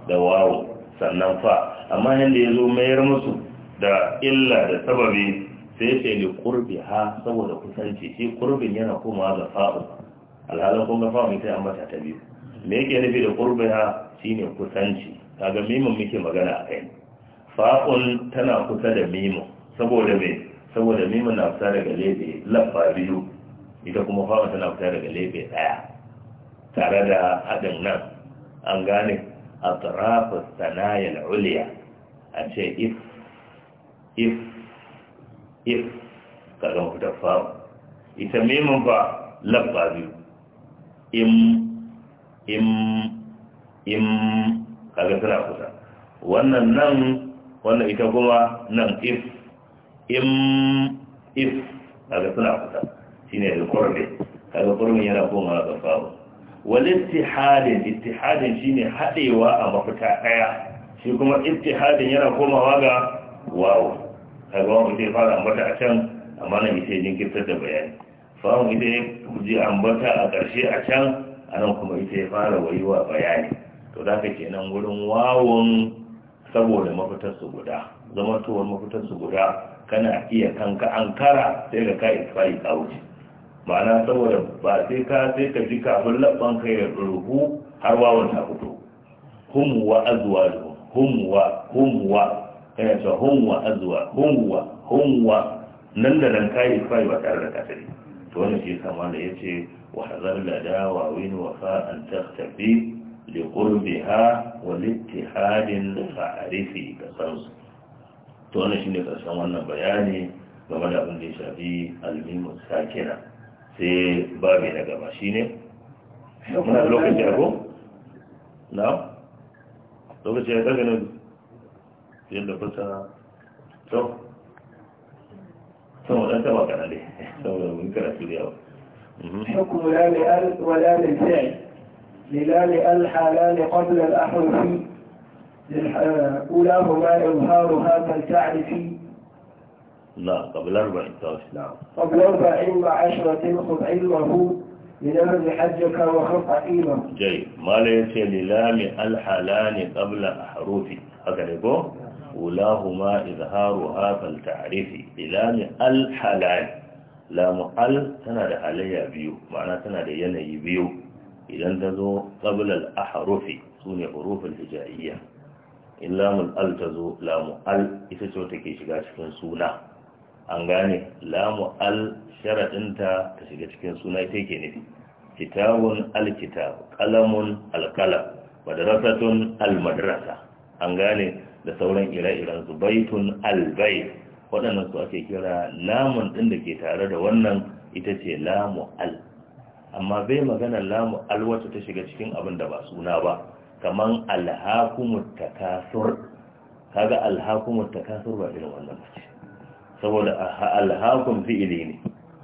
Speaker 1: da wawu sannan fa amma yadda ya zo mayar musu da illa da sababi sai ce ni kurbi ha saboda kusanci shi kurbin yana komawa ga fa'u alhalin kun ga fa'u sai an mata ta biyu me yake nufi da kurbi ha shine kusanci kaga mimin muke magana a kai fa'un tana kusa da mimin saboda me saboda mimin na fita daga lebe laffa biyu ita kuma fa'un tana fita daga lebe daya tare da haɗin nan an gane atrafu sanayal al'uliya a ce if if if kaga fitar fawa ita mimin ba labba biyu im im im kaga tana kusa wannan nan wannan ita kuma nan if im if kaga tana kusa shi ne da alqurbi kaga qurbi yana komawa ga fawa walittihadin ittihadin shine hadewa a mafita daya shi kuma ittihadin yana komawa ga wawo kaga wawo zai fara ambata a can amma nan ita jinkirtar da bayani fa'un ita ya kuji ambata a ƙarshe a can a nan kuma ita ya fara wayuwa bayani to da ka kenan wurin wawon saboda mafitar su guda zama towar mafitar su guda kana iya kanka ankara sai ga ka isfa'i ka wuce ma'ana saboda ba sai ka sai ka ji kafin labban kai ya ruhu har wawan ta fito humwa azwa humwa humwa kana cewa humwa azwa humwa humwa nan da nan kai kai ba tare da kasari to wannan shi yasa da yace wa hazar la dawa win wa fa an takhtafi li qurbiha wa li ittihadin fa'arifi ka san to wannan shine karshen wannan bayani game da abin da ya shafi almimu sakira sai babi na gaba shi ne muna lokaci ako? na? lokaci ya daga yadda kusa to sama ɗan taba kana dai saboda mun karatu da yawa
Speaker 2: حكم لا لأل ولا للفعل للا لألحى قبل الأحرف أولاهما إظهارها كالتعريف
Speaker 1: لا قبل 14
Speaker 2: نعم قبل 40 عشرة خذ علمه لنام حجك وخف عقيمه
Speaker 1: جيد ما ليس للام الحلال قبل أحروف هكذا يقول ولاهما إظهارها التعريف للام الحلال لا مقل تنادى عليها بيو معنى تنادى ينهي بيو إذا انتظوا قبل الأحروف سوني حروف الهجائية إن لام الأل تزو لا مقل إذا تشوتك شكا شكا سونا an gane lamu al sharaɗinta ta shiga cikin suna ita ke nufi kitabun alkitab kalamun alkalam madrasatun al-madrasa an gane da sauran ire-iren su baitun albai waɗannan su ake kira lamun ɗin da ke tare da wannan ita ce lamu al amma bai magana lamu al wacce ta shiga cikin abin da ba suna ba kaman alhakumut takasur kaga alhakumut takasur ba irin wannan ba ce saboda alhakun fi'ili ne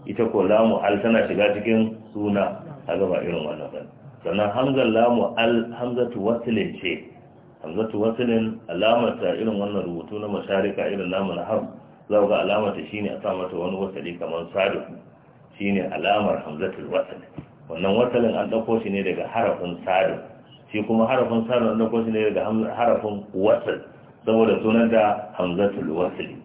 Speaker 1: ita ko lamu al tana shiga cikin suna a gaba irin wannan ba sannan Hamza lamu al hamzatu wasilin ce hamzatu wasilin alamar ta irin wannan rubutu na masharika irin namu na ham za ga alamar ta shine a sa mata wani wasali kamar sadu shine alamar hamzatul wasl wannan wasalin an dauko shi ne daga harafin sadu shi kuma harafin sadu an dauko shi ne daga harafin wasl saboda sunan da hamzatul wasli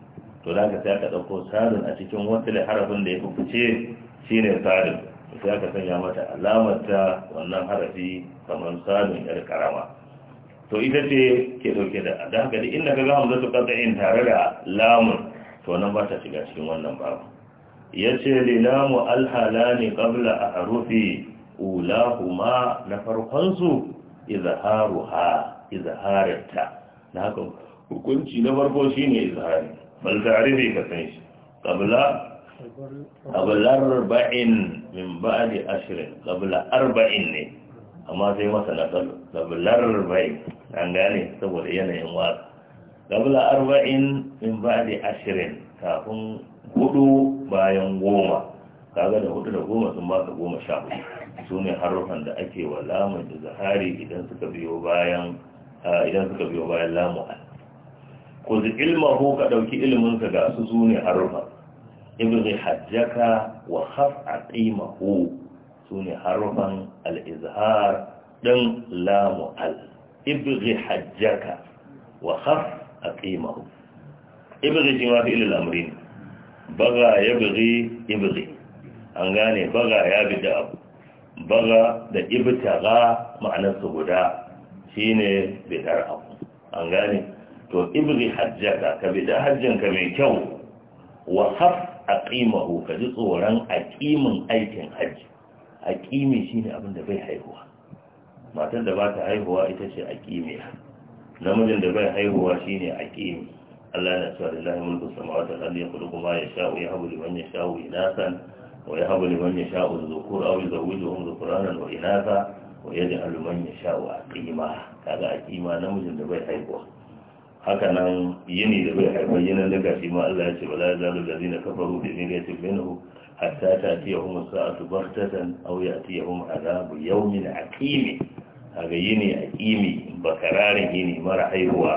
Speaker 1: to za ka sai ka ɗauko sarin a cikin wasila harafin da ya fi fice shi ne sarin sai ka sanya mata alamar ta wannan harafi kamar sarin yar karama to ita ce ke ɗauke da a daga da inda ka ga hamza su in tare da lamun to nan ba ta shiga cikin wannan babu ya ce lilamu alhala ne ƙabla a harufi ulahuma na farkonsu izaharar ta na haka hukunci na farko shi ne izhari bal ta'rifi ka san shi qabla qabla arba'in min ba'di ashrin qabla arba'in ne amma sai masa na qabla arba'in an gane saboda yanayin waka qabla arba'in min ba'di ashrin kafin hudu bayan goma kaga da hudu da goma sun baka goma sha hudu su ne harufan da ake wa lamun da zahari idan suka biyo bayan ah, idan suka biyo bayan lamu ku zi ilmahu ka ɗauki ilminsa ga su su ne harufa ibzi hajjaka wa haf'a qimahu su ne harufan al-izhar din lamu al hajjaka wa haf'a qimahu ibzi shi ma fi ilil ne baga ya yabghi ibzi an gane baga ya bi da abu baga da ibtaga ma'anarsa guda shi shine bidar abu an gane to ibri hajjaka ka bi da hajjinka mai kyau wa haf aqimahu ka ji tsoron aqimin aikin hajji aqimi shine abin da bai haihuwa matar da ba ta haihuwa ita ce ƙimi. namijin da bai haihuwa shine aqimi Allah ya tsare lillahi allah ya kudu kuma ya sha'u ya habu liman yasha'u inasan wa ya habu liman yasha'u zukur aw yuzawwijuhum dhukranan wa inatha wa yaj'alu man yasha'u aqima kaga aqima namijin da bai haihuwa haka nan yini da bai haifar yinin daga shi ma Allah ya ce wala zalu lazina kafaru bi negative minhu hatta ta'tiyahum sa'atu baghtatan aw ya'tiyahum adhabu yawmin aqim kaga yini aqimi kararin yini mara haihuwa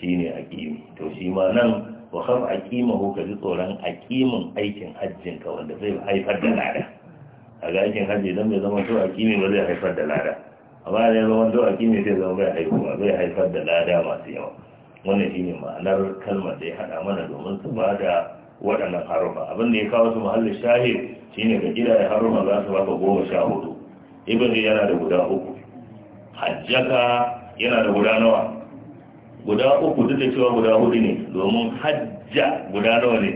Speaker 1: shine aqimi to shi ma nan wa khaf ka kaji tsoron aqimin aikin hajjin ka wanda zai haifar da lada kaga aikin hajji dan bai zama to aqimi ba zai haifar da lada amma da ya zama to aqimi sai zama bai haihuwa zai haifar da lada masu yawa wannan shine ma'anar kalmar da ya haɗa mana domin su ba da waɗannan haruma. abin da ya kawo su mahallin shahid shine ga gida haruma za su baka goma sha hudu ibn yana da guda uku hajjaka yana da guda nawa guda uku duk da cewa guda hudu ne domin hajja guda nawa ne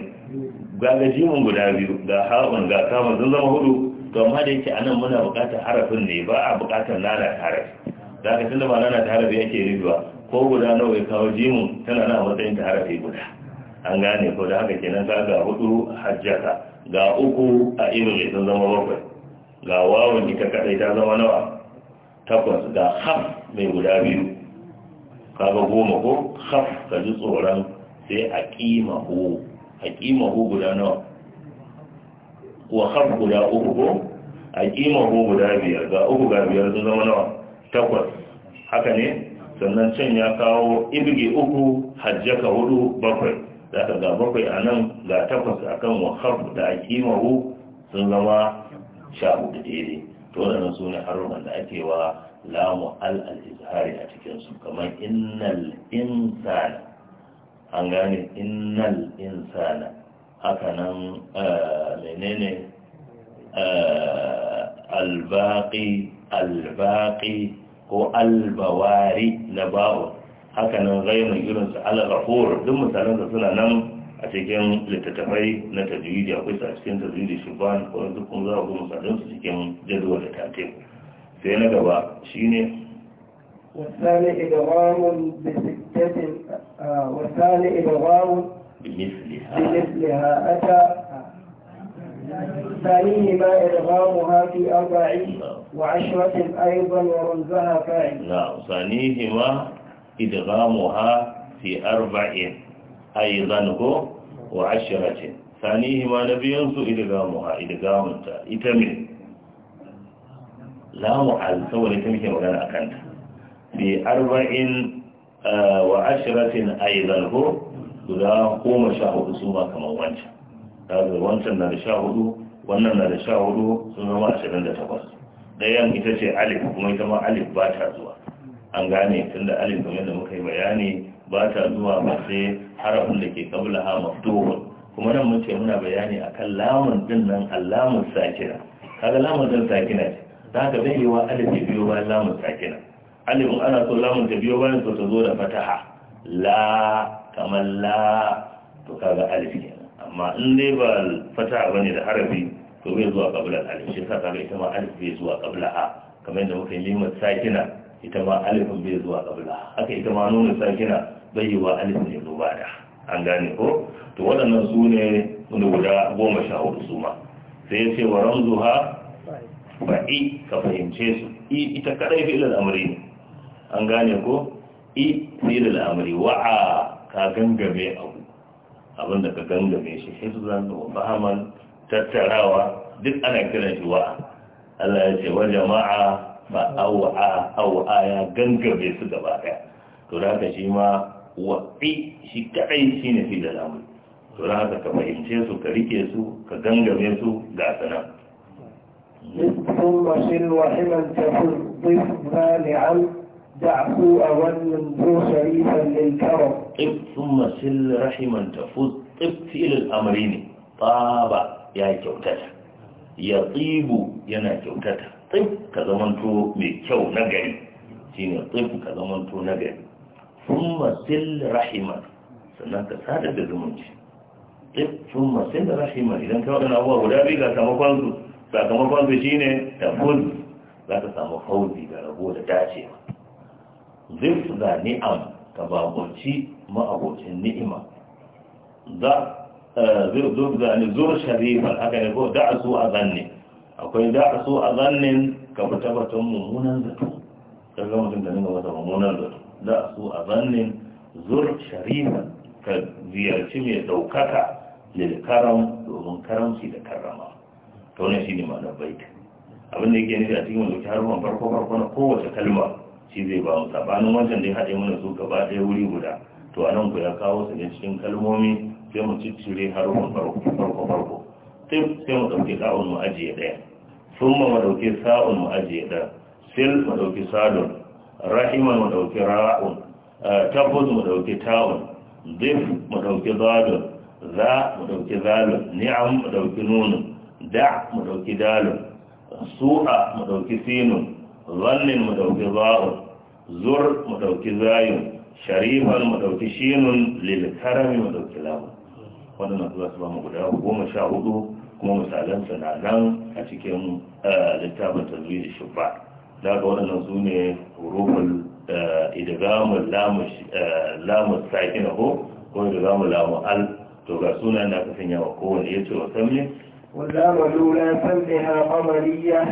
Speaker 1: ga gajimin guda biyu ga haɓun ga kama sun zama hudu to amma da yake anan muna bukatar harafin ne ba a bukatar lalata harafi da aka tunda ba lalata harafi yake rubewa ko guda nawa ya kawo jimu? tana na matsayin ta harafi guda an gane ko da haka kenan ka ga hudu hajjata ga uku a irin sun zama bakwai ga wawan ita kadai ta zama nawa takwas ga haf mai guda biyu Ka ga goma ko haf ka ji tsoron sai a kima ho a kima ho guda nawa wa haf guda uku ko a kima ho guda biyar ga uku ga biyar sun zama nawa takwas haka ne sannan can ya kawo ibge uku hajjaka hudu bakwai da ka ga bakwai a nan ga takwas a kan wakaf da akimahu sun zama sha hudu daidai to da su ne harunan da ake wa lamu al a cikinsu kamar innal insana an gane innal insana haka nan eh, menene eh, albaƙi albaƙi ko albawari na ba'u hakanan gaimun irinsu al rahur duk da suna nan a cikin littattafai na tajwidi akwai su a cikin tajwidi shuban ko duk kun za ku misalan su cikin jadwal tartib sai na gaba shine
Speaker 2: wasali idgham bi sittatin wasali idgham bi mithliha bi mithliha ata ثانيهما إرغامها في أربع وعشرة أيضا ورمزها فاعل نعم
Speaker 1: ثانيهما إدغامها في أربع أيضا هو وعشرة ثانيهما نبي ينسو إدغامها إدغام إتمن لا معل سوى لتمشي مغانا أكانت في أربع وعشرة أيضا هو guda goma sha hudu su ma kaga wancan na da sha hudu wannan na da sha hudu sun zama ashirin da takwas ɗayan ita ce alif kuma ita ma alif ba ta zuwa an gane tun da alif game da muka yi bayani ba ta zuwa ba sai harafin da ke kabla ha mafduhun kuma nan mun ce muna bayani akan lamun din nan alamun sakina kaga lamun din sakina ce za ka bai yiwa alif ya biyo bayan lamun sakina alif ana so lamun ta biyo bayan so ta zo da fataha la kamar la to kaga alif ne amma in dai ba fata bane da harafi to bai zuwa kabila alif shi yasa kaga ita ma alif bai zuwa kabila ha kamar yadda muka yi mimar sakina ita ma alifin bai zuwa ha haka ita ma nuna sakina bai yi wa alif ne zuwa da an gane ko to waɗannan su ne guda goma sha hudu su ma sai ce wa ramzu ha ba i ka fahimce su i ita kadai fi ilal amri ne an gane ko i fi ilal amri wa'a ka gangame abu abinda ka gangame shi hifzan wa fahaman tattarawa duk ana kiran shi wa'a Allah ya ce wa jama'a ba awa'a awa'a ya gangame su gaba daya to da haka shi ma wa'i shi kadai shine fi da lamun to da haka ka fahimce su ka rike su ka gangame su ga sanan
Speaker 2: ثم شل وحما تكون ضف عن دعفو أول ذو شريفا للكرم
Speaker 1: طب ثم سل رحما تفوت طب إلى الأمرين طابع يا كوتتا يطيب يا كوتتا طب كذمنتو بكو نجري شيني طب كذمنتو نجري ثم سل رحما سنانك سادة زمنتي طب ثم سل رحما إذا كان أبوه ودابي لا سمكوانتو sakamakon su shine tafuz za ta samu fauzi zai su ga ni'am ka bakunci ma'abocin ni'ima za eh, zai zo ga ni zo sharifan haka ne ko da su a zanne akwai da su a zannin ka fi tabbatar mummunan zato ka ga mutum da nuna wata mummunan zato da su a zannin zur sharifan ka ziyarci mai ɗaukaka lil karam domin karamci da karrama to ne ma ma'anar baita abin da yake ne a cikin wani harfan farko farko na kowace kalmar. shi zai ba mu sabanin wancan dai haɗe mana su gaba ɗaya wuri guda to anan ku ya kawo su ne cikin kalmomi sai mu ciccire har harufin farko farko tip sai mu ɗauki sa'un mu ajiye ɗaya sun ma mu ɗauki sa'un mu ajiye ɗaya sil mu ɗauki sadun rahiman mu ɗauki ra'un tabbus mu ɗauki ta'un zif mu ɗauki zadun za mu ɗauki zalun ni'am mu ɗauki nunun da mu ɗauki dalun su'a mu ɗauki sinun Zannin mu dauki za'un zur mu dauki zayun sharifan mu dauki shinun lil karami mu dauki Lamu. wannan za su ba guda goma sha hudu kuma misalan na nan a cikin eh, littafin tazwiri shubba da ga waɗannan su ne hurufin eh, idgamun lamun eh, sakin ko ko idgamun lamun al to ga suna na kasan yawa kowane ya ce wa samne
Speaker 2: واللام الأولى سمها قمرية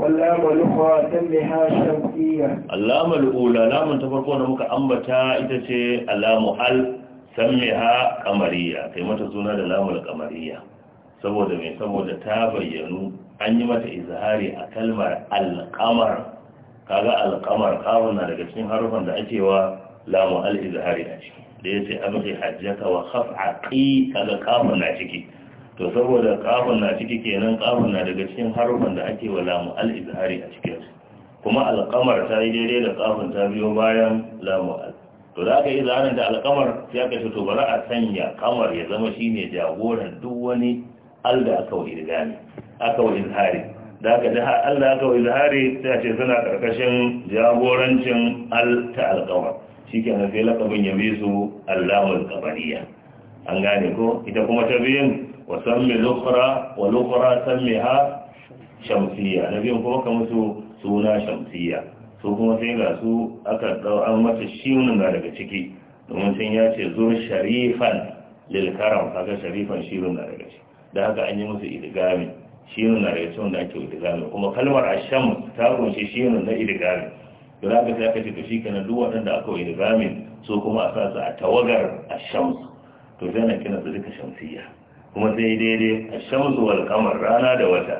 Speaker 2: واللام الأخرى تنبها شمسية
Speaker 1: اللام الأولى لام تفرقون مك أمتا إتشي اللام حل سمها قمرية كما saboda mai saboda ta bayyanu an yi mata izhari a kalmar alƙamar kaga alƙamar kawun na daga cikin harufan da ake wa lamu al-izhari a ciki da yace amri hajjaka wa khaf'aqi kaga kawun na ciki to saboda kafin na ciki kenan kafin na daga cikin harufan da ake wa lamu al-izhari a cikin kuma alqamar ta yi daidai da kafin ta biyo bayan lamu al to da aka yi zanen da alqamar sai aka ce to bari a sanya kamar ya zama shine jagoran duk wani al da aka wa izhari aka wa izhari da aka ji al da aka wa izhari sai ce suna karkashin jagorancin al ta alqamar shikenan sai lakabin ya bi su allamul an gane ko ita kuma ta biyun Wasan sammi lukra wa lukra sammiha shamsiya na biyun kuma ka suna shamsiyya su kuma sai ga su aka dau an mata shiunin ga daga ciki domin sun ya ce zur sharifan lil karam shirin na daga ciki da haka an yi musu idgami shirin na daga cikin da ake idgami kuma kalmar asham ta kunshi shirin na idgami don haka sai aka ce to shikenan duk waɗanda aka yi idgami su kuma a sa su a tawagar asham to sai na kina su duka shamsiya kuma sai daidai a shamsu kamar rana da wata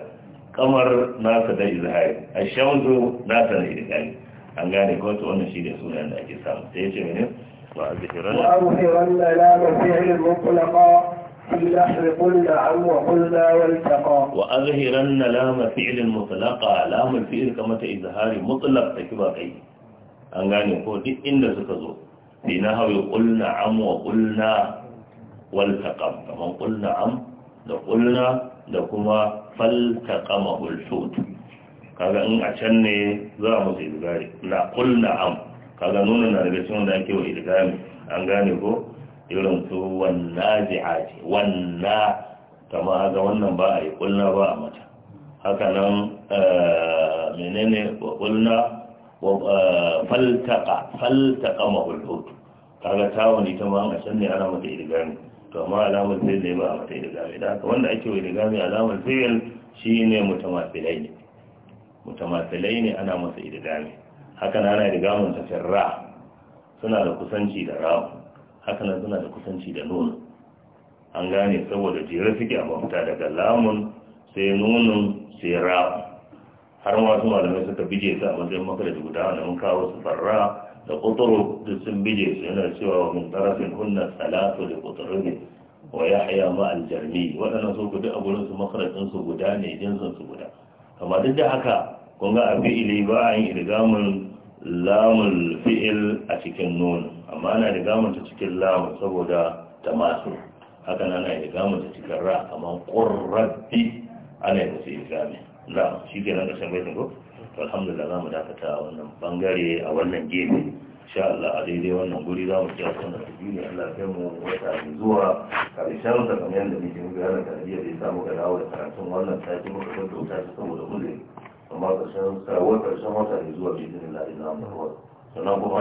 Speaker 1: kamar nasa da izahari a shamsu nasa da idigari an gane kawai wannan shi da sunan da ake samu sai ce mene ba a zikiran da abu
Speaker 2: ke wanda ya ga fi'il mutlaqa illa riqulna an wa qulna wal
Speaker 1: wa azhiranna lam fi'il mutlaqa lam fi'il kama ta izhari mutlaq ta kiba kai an gane ko duk inda suka zo bina hawi qulna am wa qulna Waltaƙam, kamar qul na'am da qulna da kuma faltaqama hulsut kaga in a can ne za mu sai gari na qul na'am kaga nuna na daga cikin da ake wa idgami an gane ko irin su wannazi'ati wanna kama ga wannan ba a yi qulna ba a mata haka nan menene qulna faltaqa faltaqa mahulhut kaga tawon ita ma an a can ne ana mata idgami to amma alamar zai zai ba a mata idigami da haka wanda ake wa gami alamar zai shi ne mutamafilai ne mutamafilai ne ana masa idigami haka na ana idigamin ta ra suna da kusanci da rawa haka na suna da kusanci da nuna an gane saboda jere suke a mafita daga lamun sai nunin sai ra har wasu malamai suka bije su a matsayin makarar guda da mun kawo su farra da kuturu da sun bije su yana cewa wa min tarafin hunna salatu da ne wa haya ma aljarmi waɗannan su guda a su makarantun su guda ne jinsin su guda amma duk da haka kun ga a ile ba a yin irgamun lamun fi'il a cikin nun amma ana irgamun ta cikin lamun saboda masu haka nan ana irgamun ta cikin ra kamar ƙurrabi ana yi musu irgami na shi nan da shan baitin ko alhamdulillah za mu dakata a wannan bangare a wannan gefe sha Allah a daidai wannan guri za mu ci a kan rasu ne Allah ya mu wata mai zuwa karshen sa kamar yadda ke muka yana da ya samu ga dawo da karatun wannan sati muka ga dauta shi saboda kuzari amma karshen wata karshen ne zuwa bidin Allah ya zama sannan kuma